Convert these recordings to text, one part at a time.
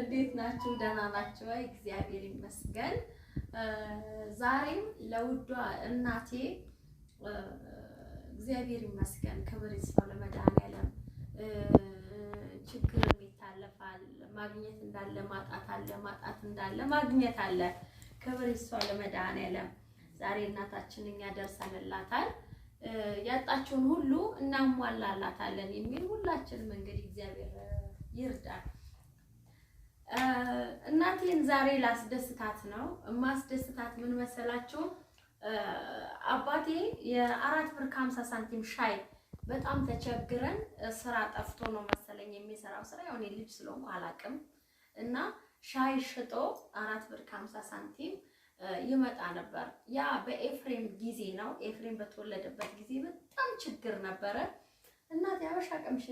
እንዴት ናችሁ? ደህና ናችሁ ወይ? እግዚአብሔር ይመስገን። ዛሬም ለውዷ እናቴ እግዚአብሔር ይመስገን፣ ክብር ይስፋው ለመድኃኒዓለም። ችግርም ይታለፋል። ማግኘት እንዳለ ማጣት አለ፣ ማጣት እንዳለ ማግኘት አለ። ክብር ይስፋው ለመድኃኒዓለም። ዛሬ እናታችን እኛ ደርሰንላታል። ያጣችውን ሁሉ እናሟላላታለን የሚል ሁላችንም እንግዲህ እግዚአብሔር ይርዳል። እናቴን ዛሬ ላስደስታት ነው። ማስደስታት ምን መሰላችሁ? አባቴ የአራት ብር ከሀምሳ ሳንቲም ሻይ በጣም ተቸግረን ስራ ጠፍቶ ነው መሰለኝ የሚሰራው ስራ ያው እኔ ልጅ ስለሆንኩ አላቅም እና ሻይ ሽጦ አራት ብር ከሀምሳ ሳንቲም ይመጣ ነበር። ያ በኤፍሬም ጊዜ ነው። ኤፍሬም በተወለደበት ጊዜ በጣም ችግር ነበረ። እናቴ አበሻ ቀምሽ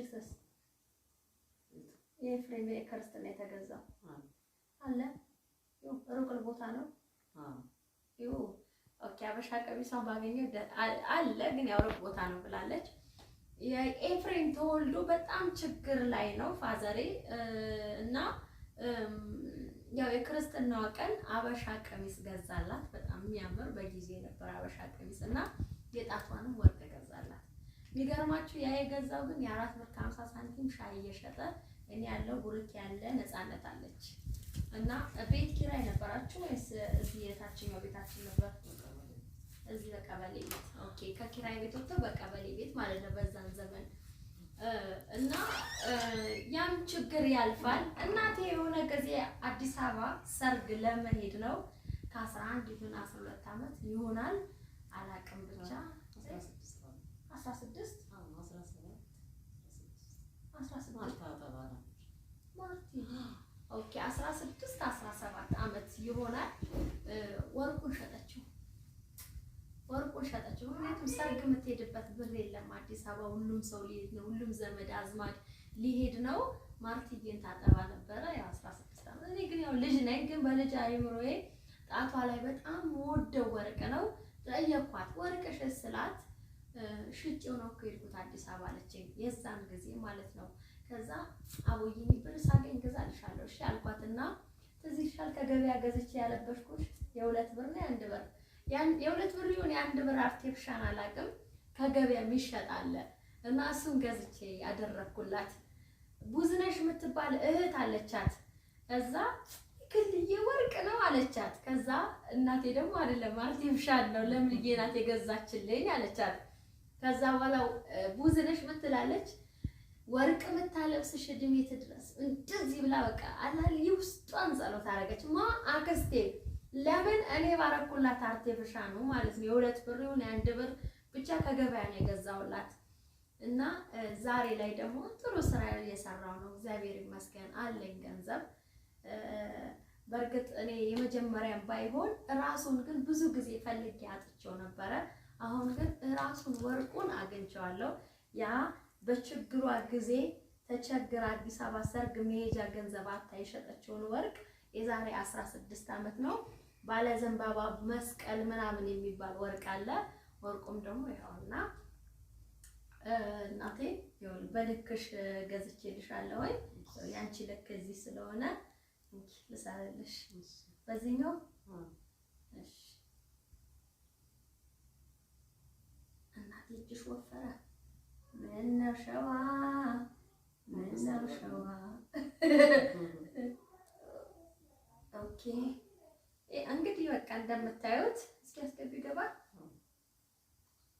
የኤፍሬም የክርስትና የተገዛው አለ። ሩቅል ቦታ ነው። ኦኬ አበሻ ቀሚሷን ባገኘው አለ፣ ግን ያው ሩቅ ቦታ ነው ብላለች። የኤፍሬም ተወልዶ በጣም ችግር ላይ ነው ፋዘሬ እና ያው የክርስትናዋ ቀን አበሻ ቀሚስ ገዛላት። በጣም የሚያምር በጊዜ ነበር አበሻ ቀሚስ እና የጣቷንም ወርቅ ገዛላት። የሚገርማችሁ ያ የገዛው ግን የአራት ብር ከሀምሳ ሳንቲም ሻይ እየሸጠ እኔ ያለው ቡርክ ያለ ነፃነት አለች እና ቤት ኪራይ ነበራችሁ ወይስ እዚህ የታችኛው ቤታችን ነበር? እዚህ በቀበሌ ቤት። ኦኬ፣ ከኪራይ ቤት ወጥቶ በቀበሌ ቤት ማለት ነው በዛን ዘመን እና ያም ችግር ያልፋል። እናቴ የሆነ ጊዜ አዲስ አበባ ሰርግ ለመሄድ ነው ከ 11 ይሁን 12 ዓመት ይሆናል አላቅም ብቻ ይሆናል። ወርቁን ሸጠችው፣ ወርቁን ሸጠችው። ምክንያቱም ሰርግ የምትሄድበት ብር የለም አዲስ አበባ። ሁሉም ሰው ሊሄድ ነው፣ ሁሉም ዘመድ አዝማድ ሊሄድ ነው። ማርትዬን ታጠባ ነበረ። ያው 16 ዓመት እኔ ግን ያው ልጅ ነኝ፣ ግን በልጅ አይምሮዬ ጣቷ ላይ በጣም ወደው ወርቅ ነው። ጠየኳት ወርቅሽ ስላት ሽጬው ነው እኮ የሄድኩት አዲስ አበባ አለችኝ። የዛን ጊዜ ማለት ነው። ከዛ አቦዬ ብር ሳገኝ ገዛልሻለሁ እሺ አልኳትና እዚህ ሻል ከገበያ ገዝቼ ያለበሽኩሽ የሁለት ብር ነው የአንድ ብር የሁለት ብር ይሁን የአንድ ብር አርቴፍሻን አላውቅም። ከገበያ የሚሸጥ አለ እና እሱን ገዝቼ ያደረግኩላት ቡዝነሽ የምትባል እህት አለቻት። እዛ ክልዬ ወርቅ ነው አለቻት። ከዛ እናቴ ደግሞ አይደለም አርቴፍሻል ነው ለምልዬ ናት የገዛችልኝ አለቻት። ከዛ በኋላ ቡዝነሽ ምትላለች ወርቅ የምታለብስሽ እድሜ ትድረስ እንደዚህ ብላ በቃ አላልዩስ በጣም ጸሎት አደረገች። ማ አክስቴ ለምን እኔ ባረኩላት አርቴፍሻ ነው ማለት ነው። የሁለት ብር ይሁን የአንድ ብር ብቻ ከገበያ ነው የገዛውላት እና ዛሬ ላይ ደግሞ ጥሩ ስራ እየሰራው ነው። እግዚአብሔር ይመስገን አለኝ ገንዘብ። በእርግጥ እኔ የመጀመሪያም ባይሆን ራሱን ግን ብዙ ጊዜ ፈልጌ አጥቼው ነበረ። አሁን ግን ራሱን ወርቁን አግኝቼዋለሁ። ያ በችግሯ ጊዜ ተቸግራ አዲስ አበባ ሰርግ መሄጃ ገንዘብ አታ የሸጠችውን ወርቅ የዛሬ 16 ዓመት ነው። ባለ ዘንባባ መስቀል ምናምን የሚባል ወርቅ አለ። ወርቁም ደግሞ ይኸውና እናቴ በልክሽ ገዝቼልሻለሁ ወይ ያንቺ ልክ እዚህ ስለሆነ ልሳለልሽ በዚህኛው እናቴ እጅሽ ወፈረ ምነው መናው ሸዋ ኦኬ። እንግዲህ በቃ እንደምታዩት እስኪ አስገቢ ገባ።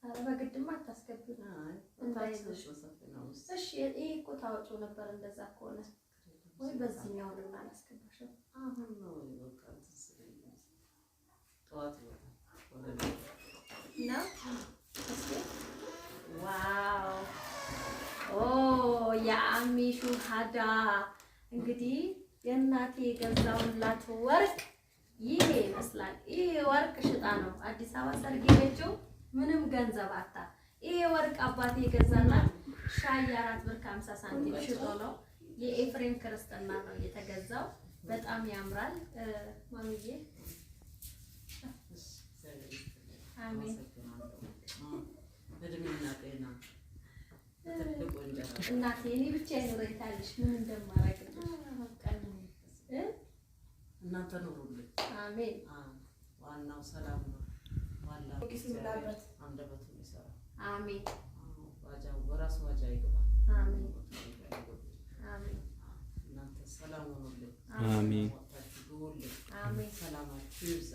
ኧረ በግድማ አታስገቢው። እሺ ይሄ እኮ ታወጪው ነበር እንደዛ ከሆነ ወይ በዚህኛው ልማ አላስገባሽም። አሁን ነው በቃ ጠዋት ነው። ዋው ኦ የአሚ ሹሃዳ እንግዲህ የእናቴ የገዛሁላት ወርቅ ይሄ ይመስላል። ይሄ ወርቅ ሽጣ ነው አዲስ አበባ ሰርግ የሄደችው ምንም ገንዘብ አታ። ይሄ ወርቅ አባቴ የገዛናት ሻይ አራት ብር ከሀምሳ ሳንቲም ሽጦ ነው የኤፍሬም ክርስትና ነው የተገዛው። በጣም ያምራል ማሚዬ። አሜን እናቴ እኔ ብቻ ይኖረኛልሽ ምን እንደማረግ እናንተ ኑሩልኝ። አሜን። ዋናው ሰላም ነው። አንደበቱ ይሰራ። አሜን። በራሱ ዋጃ ይገባል። እናንተ ሰላም ኑሩልኝ። ሰላማችሁ ይብዛ።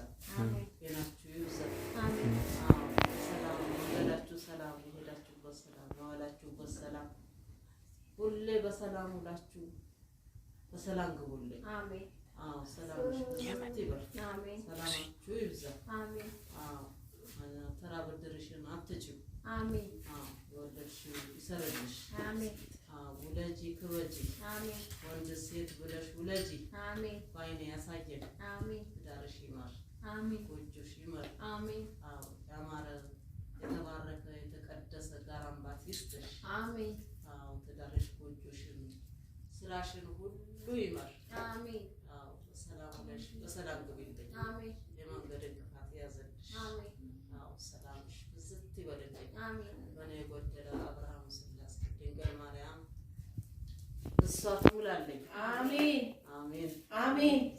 በሰላም ውላችሁ በሰላም ግቡልኝ። አሜን። አዎ ሰላማችሁ ይብዛ። አሜን። አዎ ተራ ብድርሽን አትጪው። የወለድሽው ይሰረልሽ። ውለጂ ክበጂ። አሜን። ወንድ ሴት ብለሽ ውለጂ። በአይን ባይኔ ያሳየን። አሜን። ትዳርሽ ይማር። ጎጆሽ ይመር። አሜን። ያማረ የተባረከ የተቀደሰ ጋራምባት ይስጥሽ። አሜን። ስራሽን ሁሉ ይመር። አሜን። በሰላም ነሽ፣ አሜን። የመንገድ እንቅፋት ያዘልሽ። ሰላምሽ ብዝት ይበልልኝ። የጎደለ አብርሃም ስላስ ድንግል ማርያም እሷ ትሙላለኝ። አሜን። አሜን። አሜን።